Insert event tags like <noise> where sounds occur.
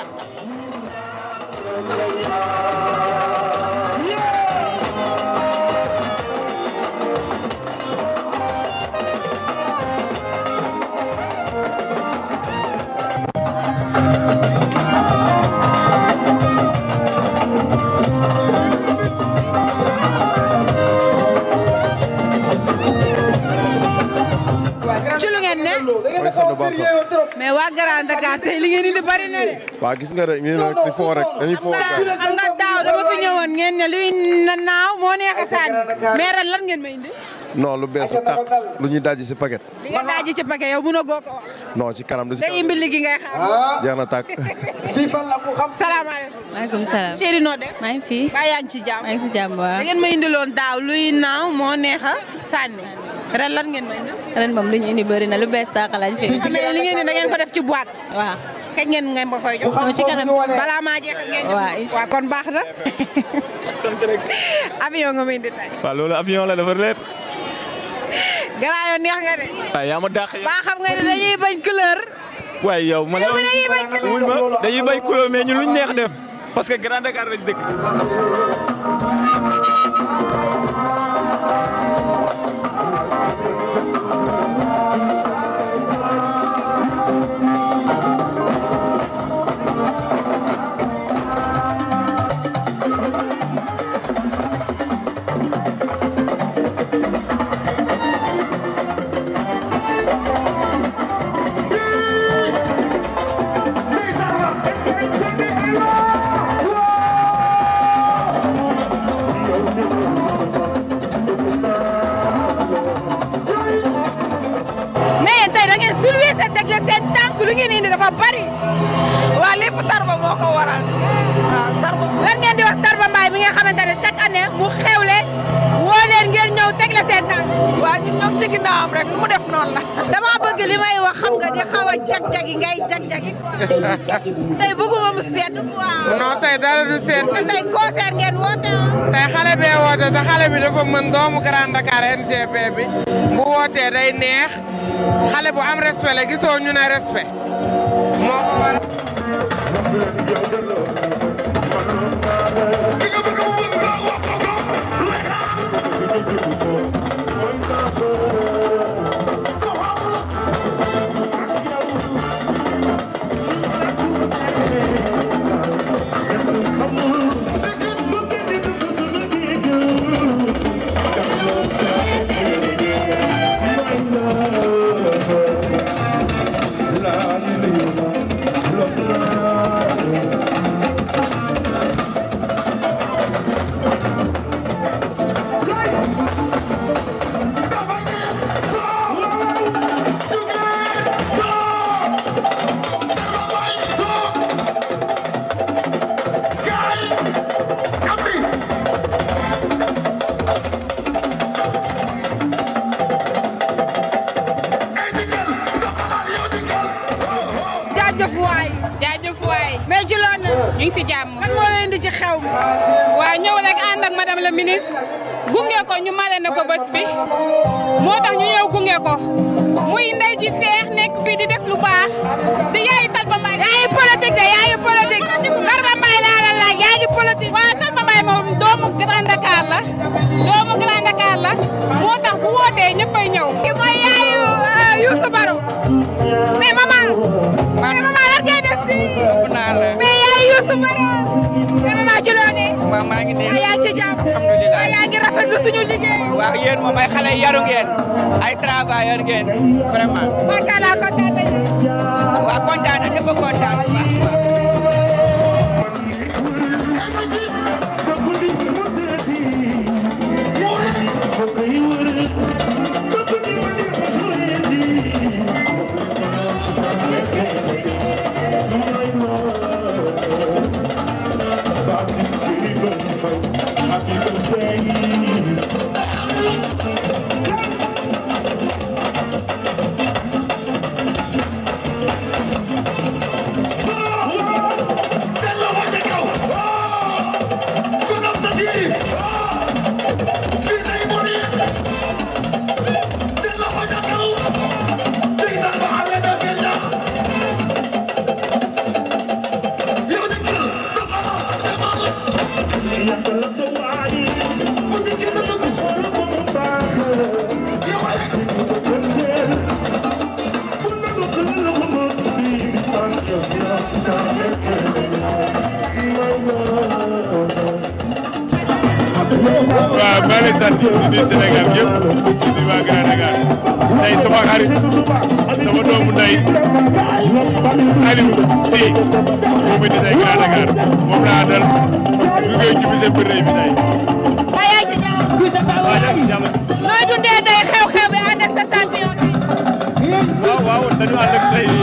Thank you. bu baax sax. mais waa Grand Dakar tey li ngeen indi bari na de. waa gis nga de ñu ne di foo rek dañuy foo rek. xam nga daaw dama fi ñëwoon ngeen ne luy naaw moo neex a sànni mais ren lan ngeen may indi. non lu bees lu tàq lu ñuy dajji ci paquet. li nga dajji ci paquet yow wax. non ci kanam de si. day imbil gi ngay xaar. Ah. jeex na tàq. <laughs> fii salaam. chéri noo def. maa fi. baa ci jàmm. maa ngi ci naaw moo neex a ren lan ngeen may indi. ren moom lu ñu indi bëri na lu bees taax lañ fi. li ngeen di da ngeen ko def ci boîte. waaw kañ ngeen ngeen ma koy jox. ci kanam ngeen jox waaw kon baax na. <laughs> sant rek. avion nga may indi tey. waaw loolu avion la dafa leer. gannaaw yow neex nga de. waaw yaa ma dàq ba xam nga ne dañuy bañ waaye yow man loolu dañuy bañ couleur dañuy bañ couleur mais ñu luñ neex def parce que Grand Dakar lañ dëkk. lu ngeen indi dafa bari waa lépp Tarba moo ko waral waaw ngeen di wax Tarba Mbaye mi nga xamante ne chaque année mu xewle woo leen ngeen ñëw teg la seen tànk waa ñun ñoo ngi ci ginnaawam mu def noonu la <laughs> jag-jagi ngay jag-jagi tey bëgguma mu sedd ngeen woote tey xale bee woote te xale bi dafa mën doomu Grand Dakar NGP bi bu wootee day neex xale bu am respect la gisoo ñu ne moo ko Ndiaye. mais ci ñu ngi si jàmm. kan moo lay indi ci xew mi. waaw ñëw rek ànd la ministre gunge ko ñu mare ne ko bi moo tax ñu ñëw gunge ko muy ndey ji seex nekk di def lu baax di yaay waaw maa ngi dégg. yaa ngi ci jàmm alhamdulilah yaa ngi ay xale yaru ngeen ay travailleur ngeen vraiment. macha allah kontaan waaw maa ngi lay sant di nuyu Sénégal yëpp di nuyu waa Grand Dakar tey sama xarit sama doomu ndey Aliou Sy moom di tey Grand Dakar moom laa àndal ñu koy ñibbi seen bëre bi tey. waaw yaa ngi ci jàmm. waaw yaa ngi ci jàmm. dundee tey xew-xew bi ànd ak sa champion